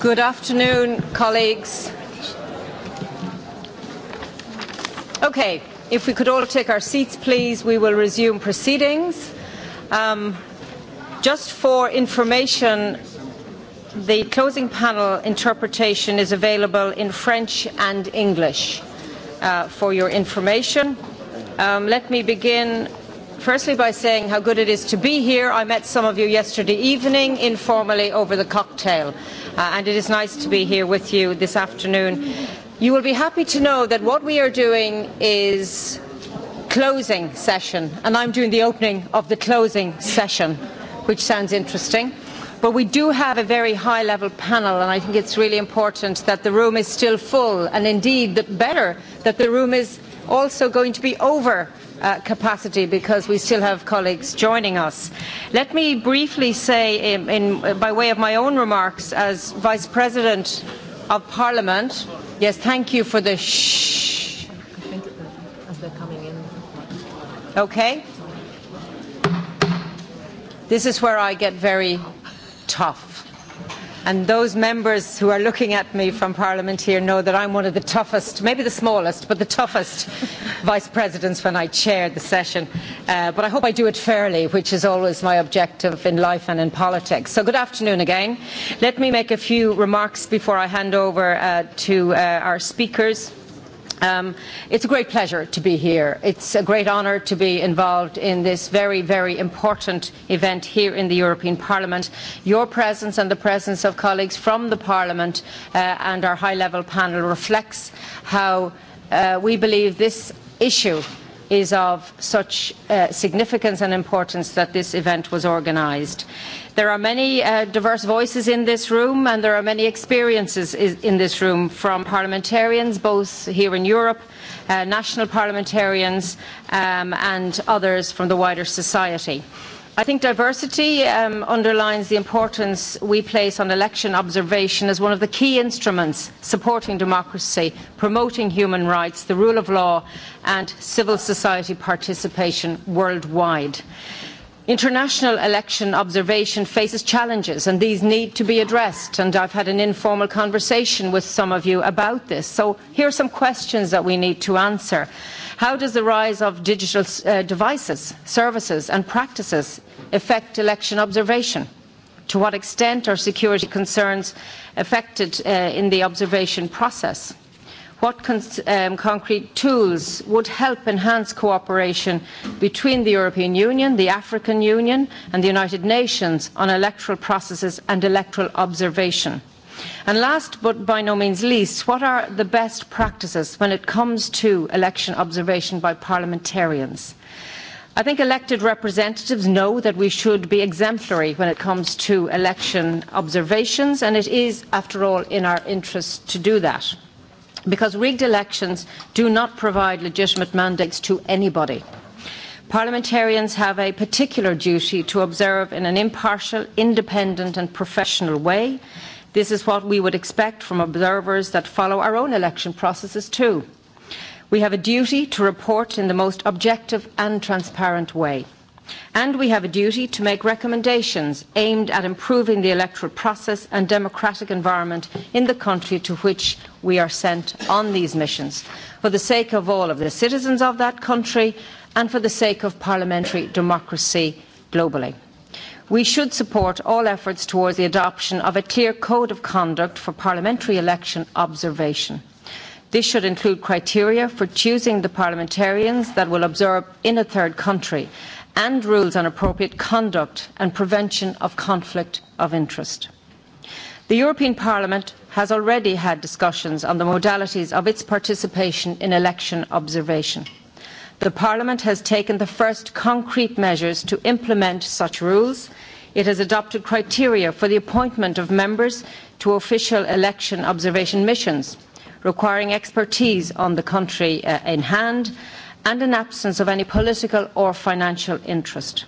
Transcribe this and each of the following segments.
Good afternoon, colleagues. Okay, if we could all take our seats, please, we will resume proceedings. Um, just for information, the closing panel interpretation is available in French and English uh, for your information. Um, let me begin firstly by saying how good it is to be here. I met some of you yesterday evening informally over the cocktail and it is nice to be here with you this afternoon. You will be happy to know that what we are doing is closing session and I'm doing the opening of the closing session which sounds interesting. But we do have a very high level panel and I think it's really important that the room is still full and indeed the better that the room is also going to be over capacity because we still have colleagues joining us. Let me briefly say, by way of my own remarks, as Vice President of Parliament, yes, thank you for the shh. Okay. This is where I get very tough and those members who are looking at me from Parliament here know that I'm one of the toughest, maybe the smallest, but the toughest vice presidents when I chair the session. But I hope I do it fairly, which is always my objective in life and in politics. So good afternoon again. Let me make a few remarks before I hand over to our speakers It's a great pleasure to be here. It's a great honour to be involved in this very, very important event here in the European Parliament. Your presence and the presence of colleagues from the Parliament and our high-level panel reflects how we believe this issue is of such significance and importance that this event was organised. There are many diverse voices in this room and there are many experiences in this room from parliamentarians both here in Europe, national parliamentarians and others from the wider society. I think diversity underlines the importance we place on election observation as one of the key instruments supporting democracy, promoting human rights, the rule of law and civil society participation worldwide. International election observation faces challenges and these need to be addressed and I've had an informal conversation with some of you about this. So here are some questions that we need to answer. How does the rise of digital devices, services and practices affect election observation? To what extent are security concerns affected in the observation process? What concrete tools would help enhance cooperation between the European Union, the African Union and the United Nations on electoral processes and electoral observation? And last but by no means least, what are the best practices when it comes to election observation by parliamentarians? I think elected representatives know that we should be exemplary when it comes to election observations, and it is, after all, in our interest to do that, because rigged elections do not provide legitimate mandates to anybody. Parliamentarians have a particular duty to observe in an impartial, independent and professional way This is what we would expect from observers that follow our own election processes too. We have a duty to report in the most objective and transparent way. And we have a duty to make recommendations aimed at improving the electoral process and democratic environment in the country to which we are sent on these missions, for the sake of all of the citizens of that country and for the sake of parliamentary democracy globally we should support all efforts towards the adoption of a clear code of conduct for parliamentary election observation. This should include criteria for choosing the parliamentarians that will observe in a third country and rules on appropriate conduct and prevention of conflict of interest. The European Parliament has already had discussions on the modalities of its participation in election observation. The Parliament has taken the first concrete measures to implement such rules It has adopted criteria for the appointment of members to official election observation missions, requiring expertise on the country in hand and an absence of any political or financial interest.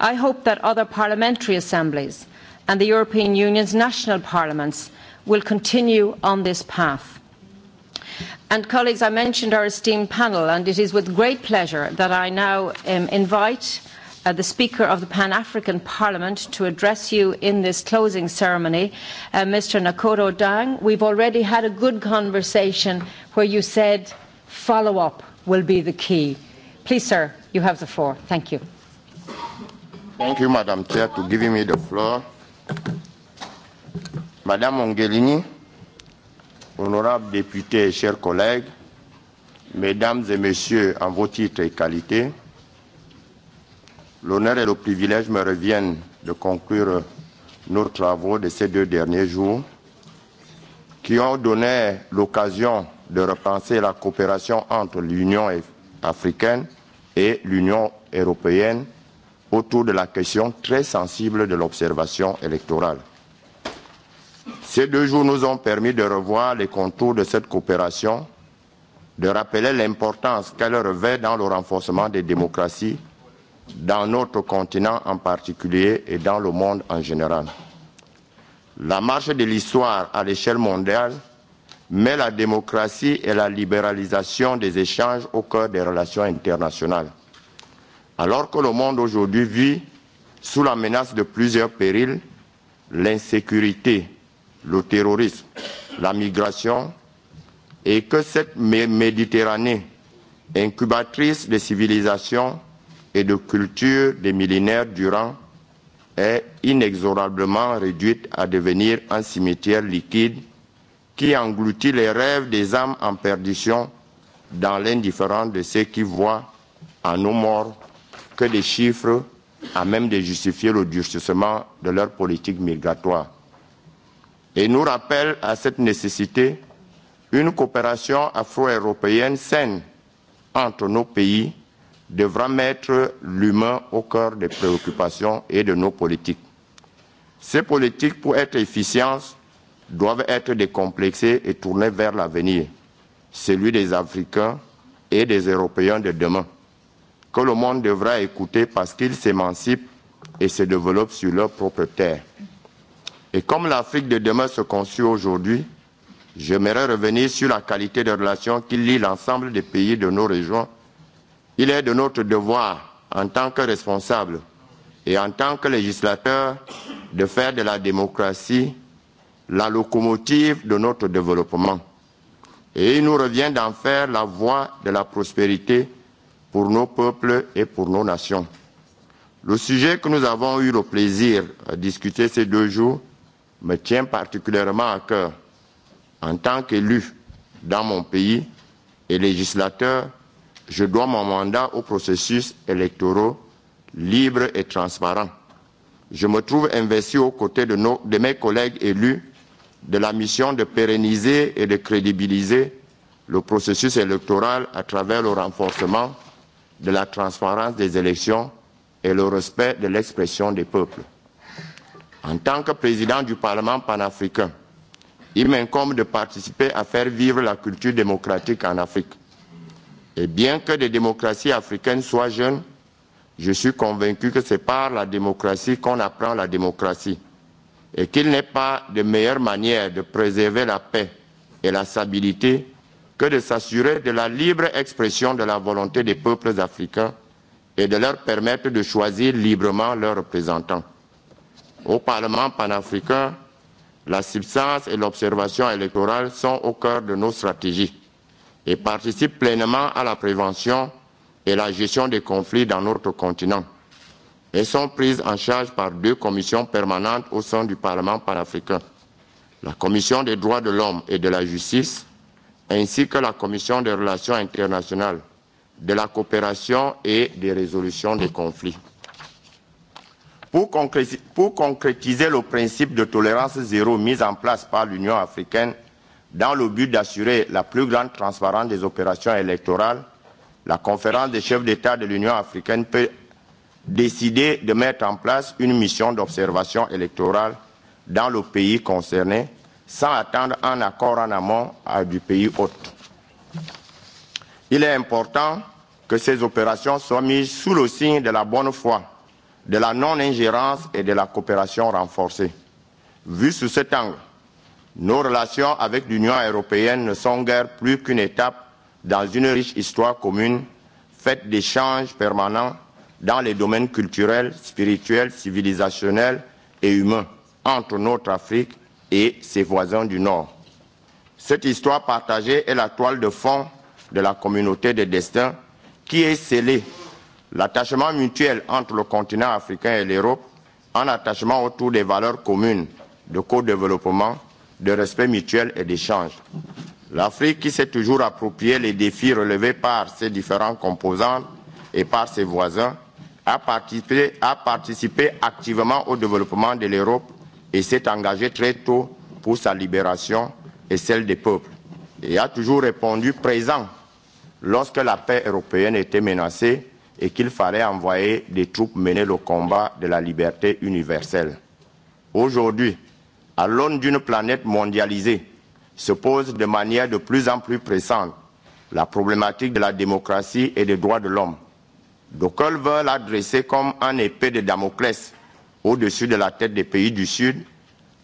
I hope that other parliamentary assemblies and the European Union's national parliaments will continue on this path. And colleagues, I mentioned our esteemed panel, and it is with great pleasure that I now invite the Speaker of the Pan-African Parliament to address you in this closing ceremony, Mr. Nakoro Dang. We've already had a good conversation where you said follow-up will be the key. Please, sir, you have the floor. Thank you. Thank you, Madam Chair, for giving me the floor. Madame Ongelini, Honorable Deputy, chers collègues, Mesdames et Messieurs, en vos titres et qualités, l'honneur et le privilège me reviennent de conclure nos travaux de ces deux derniers jours qui ont donné l'occasion de repenser la coopération entre l'Union africaine et l'Union européenne autour de la question très sensible de l'observation électorale. Ces deux jours nous ont permis de revoir les contours de cette coopération, de rappeler l'importance qu'elle revêt dans le renforcement des démocraties dans notre continent en particulier et dans le monde en général. La marche de l'histoire à l'échelle mondiale met la démocratie et la libéralisation des échanges au cœur des relations internationales. Alors que le monde aujourd'hui vit sous la menace de plusieurs périls, l'insécurité, le terrorisme, la migration, et que cette Méditerranée, incubatrice des civilisations, et de culture des millénaires durant est inexorablement réduite à devenir un cimetière liquide qui engloutit les rêves des âmes en perdition dans l'indifférence de ceux qui voient en nos morts que des chiffres à même de justifier le durcissement de leur politique migratoire. Et nous rappelle à cette nécessité une coopération afro-européenne saine entre nos pays devra mettre l'humain au cœur des préoccupations et de nos politiques. Ces politiques, pour être efficientes, doivent être décomplexées et tournées vers l'avenir, celui des Africains et des Européens de demain, que le monde devra écouter parce qu'ils s'émancipent et se développent sur leur propre terre. Et comme l'Afrique de demain se construit aujourd'hui, j'aimerais revenir sur la qualité des relations qui lient l'ensemble des pays de nos régions Il est de notre devoir, en tant que responsable et en tant que législateur, de faire de la démocratie la locomotive de notre développement. Et il nous revient d'en faire la voie de la prospérité pour nos peuples et pour nos nations. Le sujet que nous avons eu le plaisir de discuter ces deux jours me tient particulièrement à cœur. En tant qu'élu dans mon pays et législateur, je dois mon mandat au processus électoraux libre et transparent. Je me trouve investi aux côtés de, nos, de mes collègues élus de la mission de pérenniser et de crédibiliser le processus électoral à travers le renforcement de la transparence des élections et le respect de l'expression des peuples. En tant que président du Parlement panafricain, il m'incombe de participer à faire vivre la culture démocratique en Afrique. Et bien que des démocraties africaines soient jeunes, je suis convaincu que c'est par la démocratie qu'on apprend la démocratie et qu'il n'est pas de meilleure manière de préserver la paix et la stabilité que de s'assurer de la libre expression de la volonté des peuples africains et de leur permettre de choisir librement leurs représentants. Au Parlement panafricain, la substance et l'observation électorale sont au cœur de nos stratégies et participe pleinement à la prévention et la gestion des conflits dans notre continent Elles sont prises en charge par deux commissions permanentes au sein du Parlement panafricain, la Commission des droits de l'homme et de la justice, ainsi que la Commission des relations internationales, de la coopération et des résolutions des conflits. Pour concrétiser le principe de tolérance zéro mis en place par l'Union africaine Dans le but d'assurer la plus grande transparence des opérations électorales, la conférence des chefs d'État de l'Union africaine peut décider de mettre en place une mission d'observation électorale dans le pays concerné, sans attendre un accord en amont du pays hôte. Il est important que ces opérations soient mises sous le signe de la bonne foi, de la non-ingérence et de la coopération renforcée. Vu sous cet angle, Nos relations avec l'Union européenne ne sont guère plus qu'une étape dans une riche histoire commune, faite d'échanges permanents dans les domaines culturels, spirituels, civilisationnels et humains entre notre Afrique et ses voisins du Nord. Cette histoire partagée est la toile de fond de la communauté des destins qui est scellée. L'attachement mutuel entre le continent africain et l'Europe, en attachement autour des valeurs communes de co-développement, de respect mutuel et d'échange. L'Afrique, qui s'est toujours approprié les défis relevés par ses différents composants et par ses voisins, a participé, a participé activement au développement de l'Europe et s'est engagée très tôt pour sa libération et celle des peuples, et a toujours répondu présent lorsque la paix européenne était menacée et qu'il fallait envoyer des troupes mener le combat de la liberté universelle. Aujourd'hui, à l'aune d'une planète mondialisée, se pose de manière de plus en plus pressante la problématique de la démocratie et des droits de l'homme. D'aucuns veulent la dresser comme un épée de Damoclès au-dessus de la tête des pays du Sud,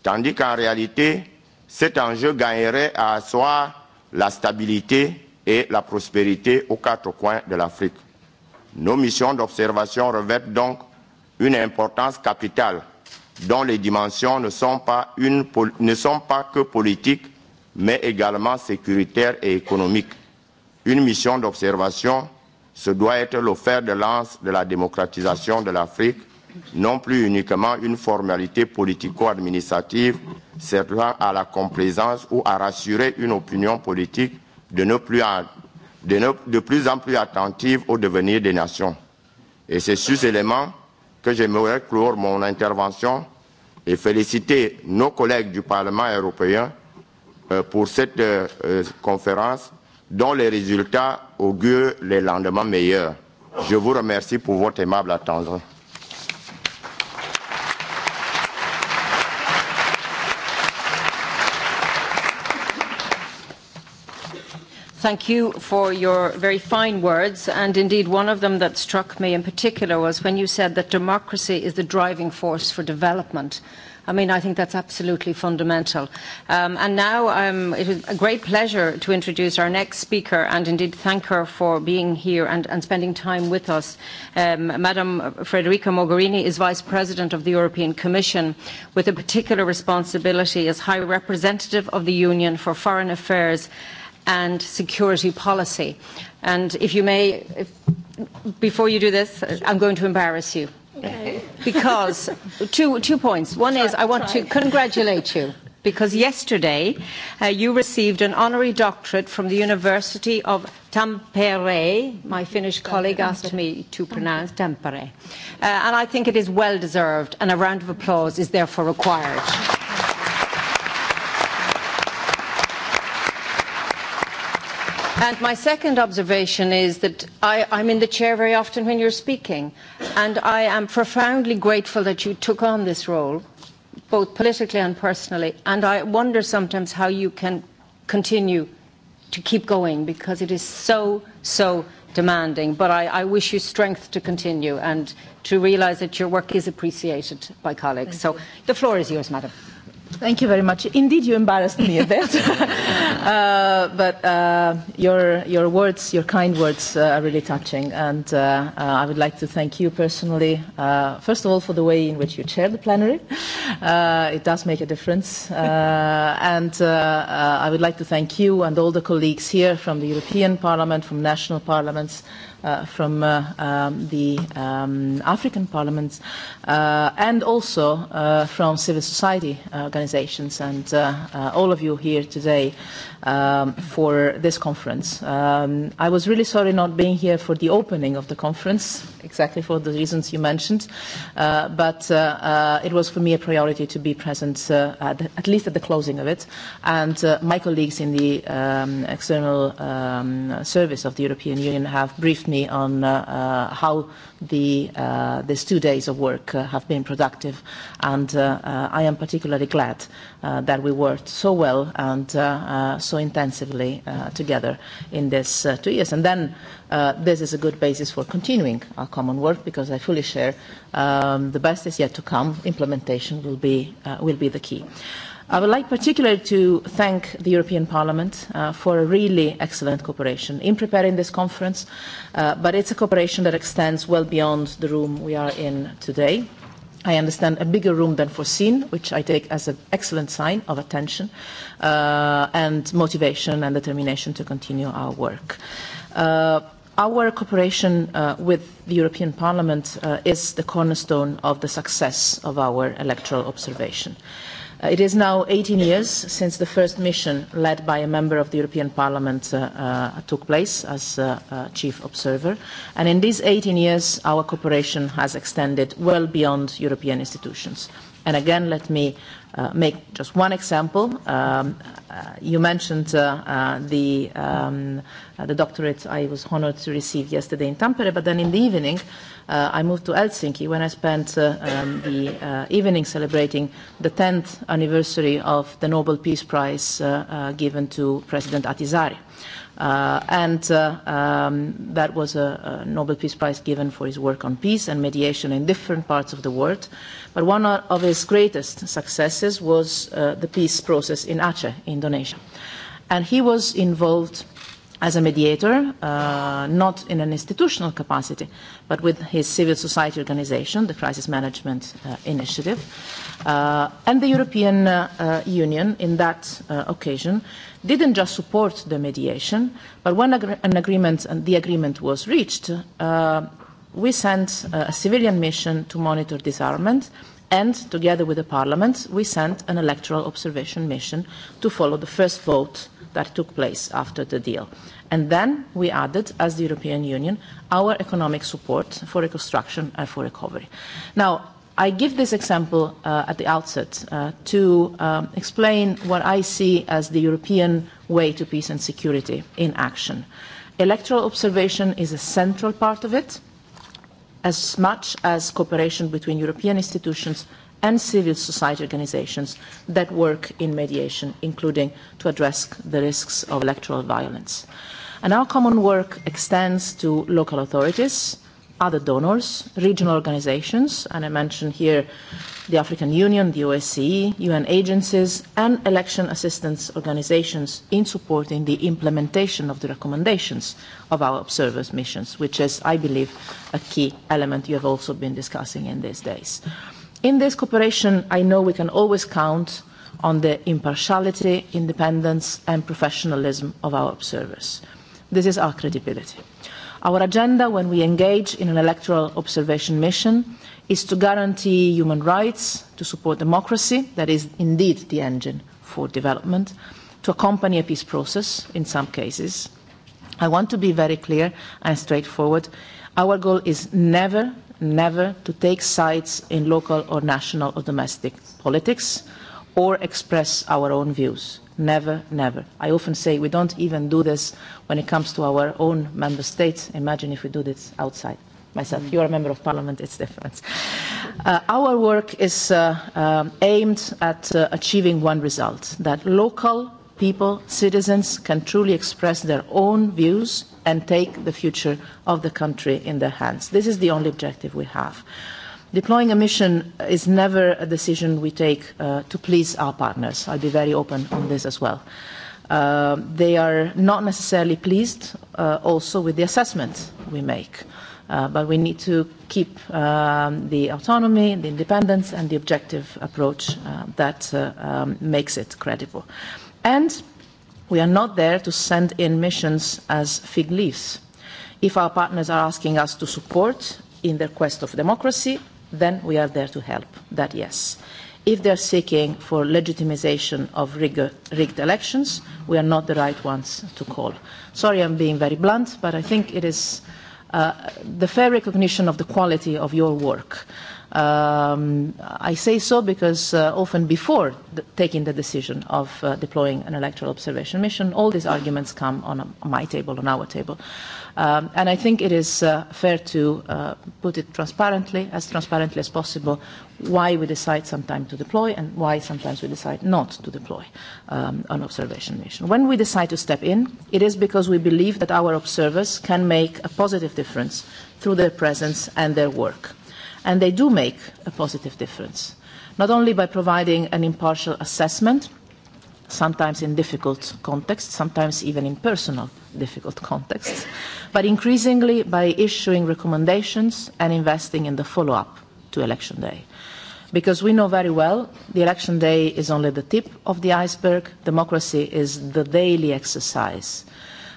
tandis qu'en réalité, cet enjeu gagnerait à asseoir la stabilité et la prospérité aux quatre coins de l'Afrique. Nos missions d'observation revêtent donc une importance capitale dont les dimensions ne sont pas que politiques, mais également sécuritaires et économiques. Une mission d'observation, ce doit être le de lance de la démocratisation de l'Afrique, non plus uniquement une formalité politico-administrative servant à la complaisance ou à rassurer une opinion politique de, ne plus, de, de plus en plus attentive au devenir des nations. Et c'est sur ces éléments que j'aimerais clore mon intervention et féliciter nos collègues du Parlement européen pour cette conférence dont les résultats augurent les lendemains meilleurs. Je vous remercie pour votre aimable attention. Thank you for your very fine words. And indeed, one of them that struck me in particular was when you said that democracy is the driving force for development. I mean, I think that's absolutely fundamental. And now it is a great pleasure to introduce our next speaker and indeed thank her for being here and spending time with us. Madam Federica Mogherini is Vice President of the European Commission with a particular responsibility as High Representative of the Union for Foreign Affairs and security policy. And if you may, before you do this, I'm going to embarrass you. Because two two points. One is I want to congratulate you because yesterday you received an honorary doctorate from the University of Tampere. My Finnish colleague asked me to pronounce Tampere, and I think it is well deserved, and a round of applause is therefore required. And my second observation is that I I'm in the chair very often when you're speaking, and I am profoundly grateful that you took on this role, both politically and personally, and I wonder sometimes how you can continue to keep going because it is so, so demanding. But I wish you strength to continue and to realise that your work is appreciated by colleagues. So the floor is yours, Madam. Thank you very much. Indeed, you embarrassed me a bit, but your your words, your kind words, are really touching, and I would like to thank you personally, first of all, for the way in which you chair the plenary. It does make a difference, and I would like to thank you and all the colleagues here from the European Parliament, from national parliaments from um the um African parliaments and also uh from civil society organizations and uh all of you here today um for this conference. Um I was really sorry not being here for the opening of the conference exactly for the reasons you mentioned. But it was for me a priority to be present, at least at the closing of it. And my colleagues in the external service of the European Union have briefed me on how these two days of work have been productive. And I am particularly glad that we worked so well and so intensively together in these two years. And then this is a good basis for continuing our common work because I fully share the best is yet to come. Implementation will be the key. I would like particularly to thank the European Parliament for a really excellent cooperation in preparing this conference, but it's a cooperation that extends well beyond the room we are in today. I understand a bigger room than foreseen, which I take as an excellent sign of attention and motivation and determination to continue our work. Our cooperation with the European Parliament is the cornerstone of the success of our electoral observation. It is now 18 years since the first mission led by a member of the European Parliament took place as chief observer, and in these 18 years our cooperation has extended well beyond European institutions. And again, let me make just one example. You mentioned the doctorate I was honored to receive yesterday in Tampere, but then in the evening I moved to Helsinki when I spent the evening celebrating the 10th anniversary of the Nobel Peace Prize given to President Ahtisaari. And that was a Nobel Peace Prize given for his work on peace and mediation in different parts of the world. But one of his greatest successes was the peace process in Aceh, Indonesia. And he was involved as a mediator, not in an institutional capacity, but with his civil society organization, the Crisis Management Initiative. And the European Union, in that occasion, didn't just support the mediation, but when an agreement, and the agreement was reached, we sent a civilian mission to monitor disarmament and together with the parliament we sent an electoral observation mission to follow the first vote that took place after the deal and then we added as the european union our economic support for reconstruction and for recovery now i give this example at the outset to explain what i see as the european way to peace and security in action electoral observation is a central part of it as much as cooperation between European institutions and civil society organisations that work in mediation, including to address the risks of electoral violence. And our common work extends to local authorities other donors, regional organizations, and I mention here the African Union, the OSCE, UN agencies, and election assistance organisations in supporting the implementation of the recommendations of our observers' missions, which is, I believe, a key element you have also been discussing in these days. In this cooperation, I know we can always count on the impartiality, independence, and professionalism of our observers. This is our credibility. Our agenda when we engage in an electoral observation mission is to guarantee human rights, to support democracy, that is indeed the engine for development, to accompany a peace process in some cases. I want to be very clear and straightforward. Our goal is never, never to take sides in local or national or domestic politics or express our own views never, never. I often say we don't even do this when it comes to our own member states. Imagine if we do this outside. Myself, you are a member of parliament, it's different. Our work is aimed at achieving one result, that local people, citizens can truly express their own views and take the future of the country in their hands. This is the only objective we have. Deploying a mission is never a decision we take to please our partners. I'll be very open on this as well. They are not necessarily pleased also with the assessment we make, but we need to keep the autonomy, the independence and the objective approach that makes it credible. And we are not there to send in missions as fig leaves. If our partners are asking us to support in their quest of democracy, then we are there to help. That yes. If they are seeking for legitimisation of rigged elections, we are not the right ones to call. Sorry, I'm being very blunt, but I think it is the fair recognition of the quality of your work I say so because often before taking the decision of deploying an electoral observation mission, all these arguments come on my table, on our table. And I think it is fair to put it transparently, as transparently as possible, why we decide sometimes to deploy and why sometimes we decide not to deploy an observation mission. When we decide to step in, it is because we believe that our observers can make a positive difference through their presence and their work and they do make a positive difference not only by providing an impartial assessment sometimes in difficult contexts sometimes even in personal difficult contexts but increasingly by issuing recommendations and investing in the follow up to election day because we know very well the election day is only the tip of the iceberg democracy is the daily exercise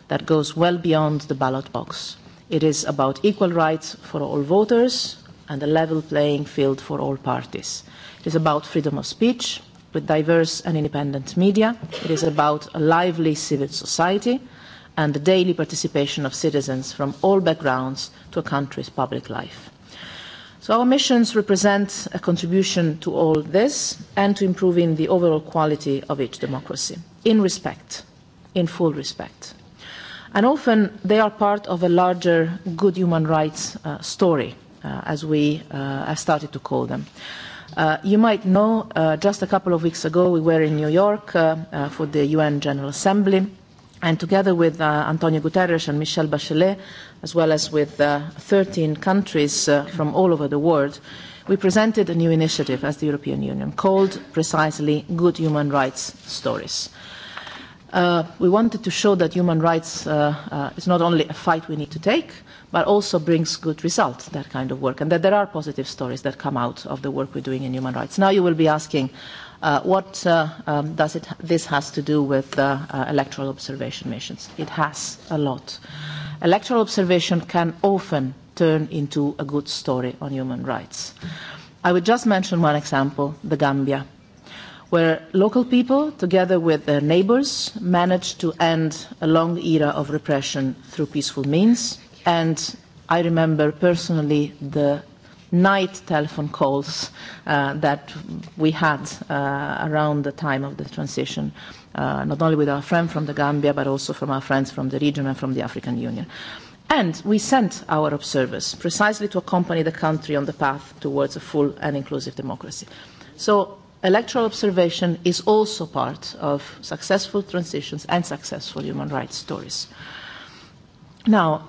that goes well beyond the ballot box it is about equal rights for all voters and a level playing field for all parties. It is about freedom of speech with diverse and independent media. It is about a lively civil society and the daily participation of citizens from all backgrounds to a country's public life. So our missions represent a contribution to all this and to improving the overall quality of each democracy, in respect, in full respect. And often they are part of a larger good human rights story as we have started to call them. You might know, just a couple of weeks ago, we were in New York for the UN General Assembly, and together with Antonio Guterres and Michel Bachelet, as well as with 13 countries from all over the world, we presented a new initiative as the European Union called precisely Good Human Rights Stories. We wanted to show that human rights is not only a fight we need to take, but also brings good results, that kind of work, and that there are positive stories that come out of the work we're doing in human rights. Now you will be asking, what does this has to do with electoral observation missions? It has a lot. Electoral observation can often turn into a good story on human rights. I would just mention one example, the Gambia where local people, together with their neighbours, managed to end a long era of repression through peaceful means. And I remember personally the night telephone calls that we had around the time of the transition, not only with our friend from the Gambia, but also from our friends from the region and from the African Union. And we sent our observers precisely to accompany the country on the path towards a full and inclusive democracy. So electoral observation is also part of successful transitions and successful human rights stories. Now,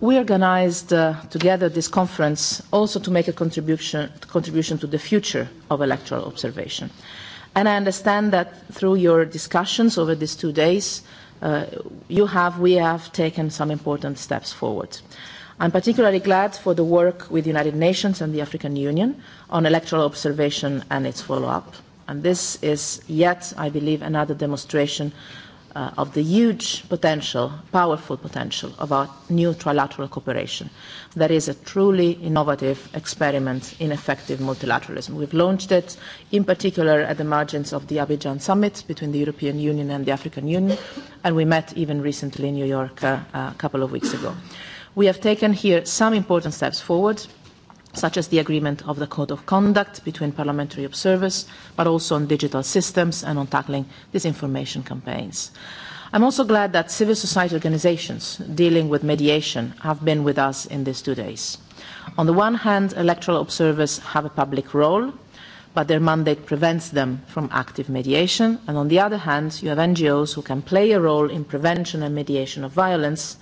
we organized together this conference also to make a contribution to the future of electoral observation. And I understand that through your discussions over these two days, you have, we have taken some important steps forward. I'm particularly glad for the work with the United Nations and the African Union on electoral observation and its follow-up. And this is yet, I believe, another demonstration of the huge potential, powerful potential of our new trilateral cooperation. That is a truly innovative experiment in effective multilateralism. We've launched it in particular at the margins of the Abidjan summit between the European Union and the African Union, and we met even recently in New York a couple of weeks ago. We have taken here some important steps forward, such as the agreement of the Code of Conduct between parliamentary observers, but also on digital systems and on tackling disinformation campaigns. I'm also glad that civil society organisations dealing with mediation have been with us in these two days. On the one hand, electoral observers have a public role, but their mandate prevents them from active mediation, and on the other hand, you have NGOs who can play a role in prevention and mediation of violence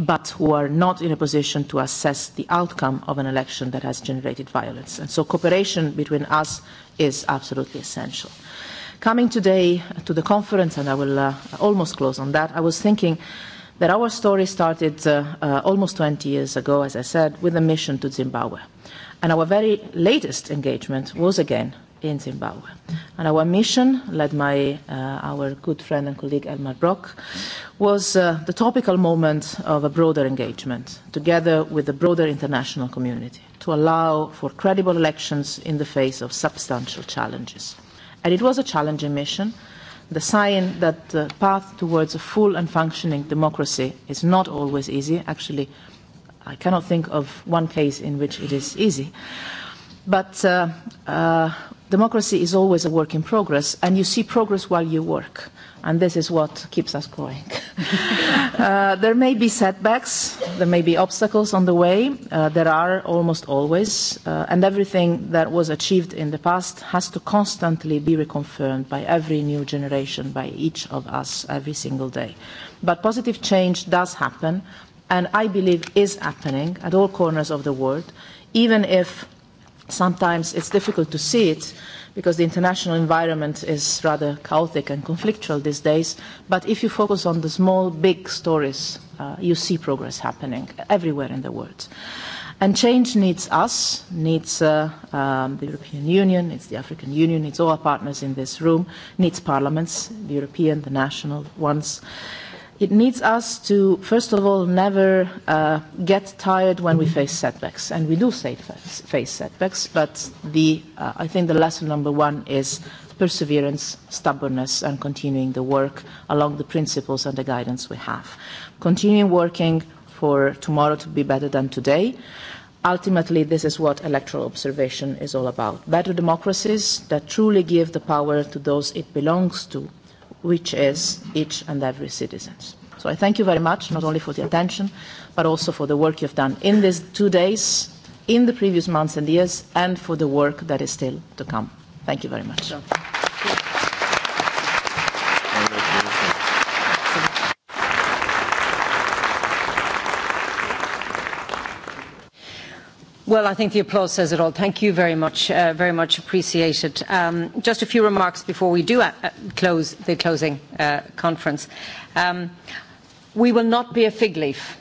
but who are not in a position to assess the outcome of an election that has generated violence. And so cooperation between us is absolutely essential. Coming today to the conference, and I will almost close on that, I was thinking that our story started almost 20 years ago, as I said, with a mission to Zimbabwe. And our very latest engagement was again in Zimbabwe. And our mission, led by our good friend and colleague Elmar Brock, was the topical moment of a broader engagement, together with the broader international community, to allow for credible elections in the face of substantial challenges. And it was a challenging mission, the sign that the path towards a full and functioning democracy is not always easy. Actually, I cannot think of one case in which it is easy. But democracy is always a work in progress and you see progress while you work and this is what keeps us going. There may be setbacks, there may be obstacles on the way, there are almost always, and everything that was achieved in the past has to constantly be reconfirmed by every new generation, by each of us every single day. But positive change does happen and I believe is happening at all corners of the world, even if sometimes it's difficult to see it because the international environment is rather chaotic and conflictual these days but if you focus on the small big stories you see progress happening everywhere in the world and change needs us needs the european union needs the african union needs all our partners in this room needs parliaments the european the national ones It needs us to, first of all, never get tired when we face setbacks, and we do face setbacks. But I think the lesson number one is perseverance, stubbornness, and continuing the work along the principles and the guidance we have. Continuing working for tomorrow to be better than today. Ultimately, this is what electoral observation is all about. Better democracies that truly give the power to those it belongs to which is each and every citizen. So I thank you very much, not only for the attention, but also for the work you have done in these two days, in the previous months and years, and for the work that is still to come. Thank you very much. Well, I think the applause says it all. Thank you very much, very much appreciated. Just a few remarks before we do close the closing conference. We will not be a fig leaf.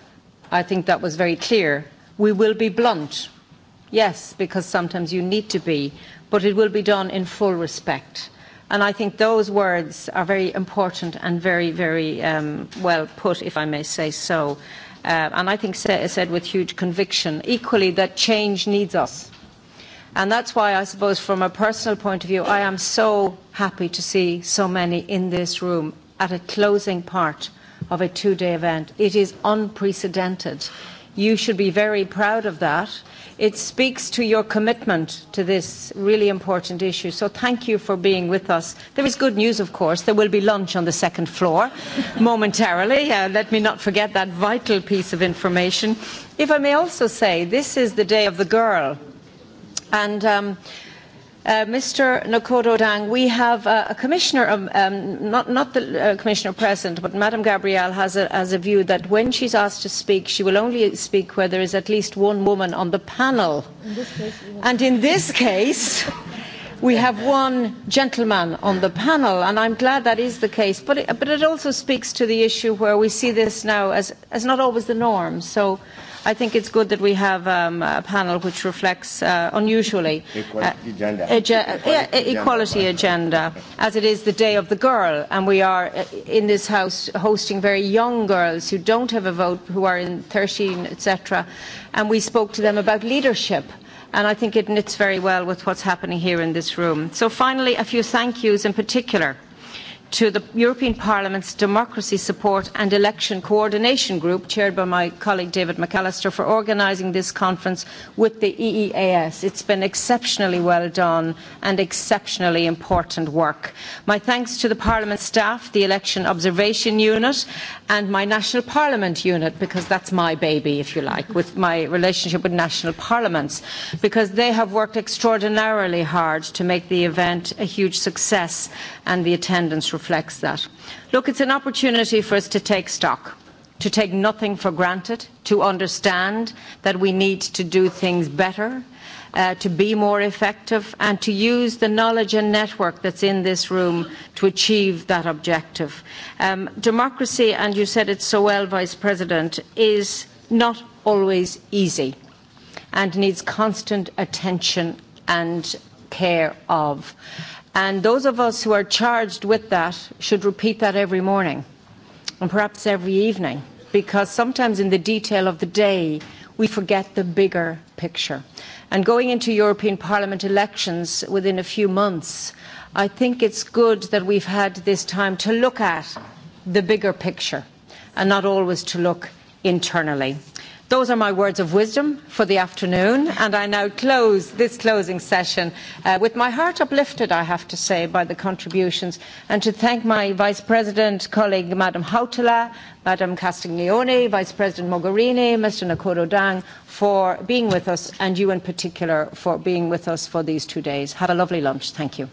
I think that was very clear. We will be blunt, yes, because sometimes you need to be, but it will be done in full respect. And I think those words are very important and very, very well put, if I may say so and I think said with huge conviction, equally that change needs us. And that's why I suppose from a personal point of view, I am so happy to see so many in this room at a closing part of a two-day event. It is unprecedented You should be very proud of that. It speaks to your commitment to this really important issue. So thank you for being with us. There is good news, of course. There will be lunch on the second floor momentarily. Let me not forget that vital piece of information. If I may also say, this is the Day of the Girl. And Mr. Nakodo-Dang, we have a commissioner, not the commissioner present, but Madam Gabrielle has a view that when she is asked to speak, she will only speak where there is at least one woman on the panel. And in this case, we have one gentleman on the panel, and I'm glad that is the case. But it also speaks to the issue where we see this now as not always the norm. So I think it's good that we have a panel which reflects unusually equality agenda, as it is the Day of the Girl, and we are in this house hosting very young girls who don't have a vote, who are in 13, etc. And we spoke to them about leadership and I think it knits very well with what's happening here in this room. So finally, a few thank yous in particular to the European Parliament's Democracy Support and Election Coordination Group, chaired by my colleague David McAllister, for organising this conference with the EEAS. It's been exceptionally well done and exceptionally important work. My thanks to the Parliament staff, the Election Observation Unit, and my National Parliament Unit, because that's my baby, if you like, with my relationship with national parliaments, because they have worked extraordinarily hard to make the event a huge success and the attendance reflects that. Look, it's an opportunity for us to take stock, to take nothing for granted, to understand that we need to do things better, to be more effective, and to use the knowledge and network that's in this room to achieve that objective. Democracy, and you said it so well, Vice President, is not always easy and needs constant attention and care of. And those of us who are charged with that should repeat that every morning and perhaps every evening, because sometimes in the detail of the day we forget the bigger picture. And going into European Parliament elections within a few months, I think it's good that we've had this time to look at the bigger picture and not always to look internally. Those are my words of wisdom for the afternoon, and I now close this closing session with my heart uplifted, I have to say, by the contributions, and to thank my Vice President colleague, Madam Hautala, Madam Castiglione, Vice President Mogherini, Mr. Nakoro Dang, for being with us, and you in particular for being with us for these two days. Have a lovely lunch. Thank you.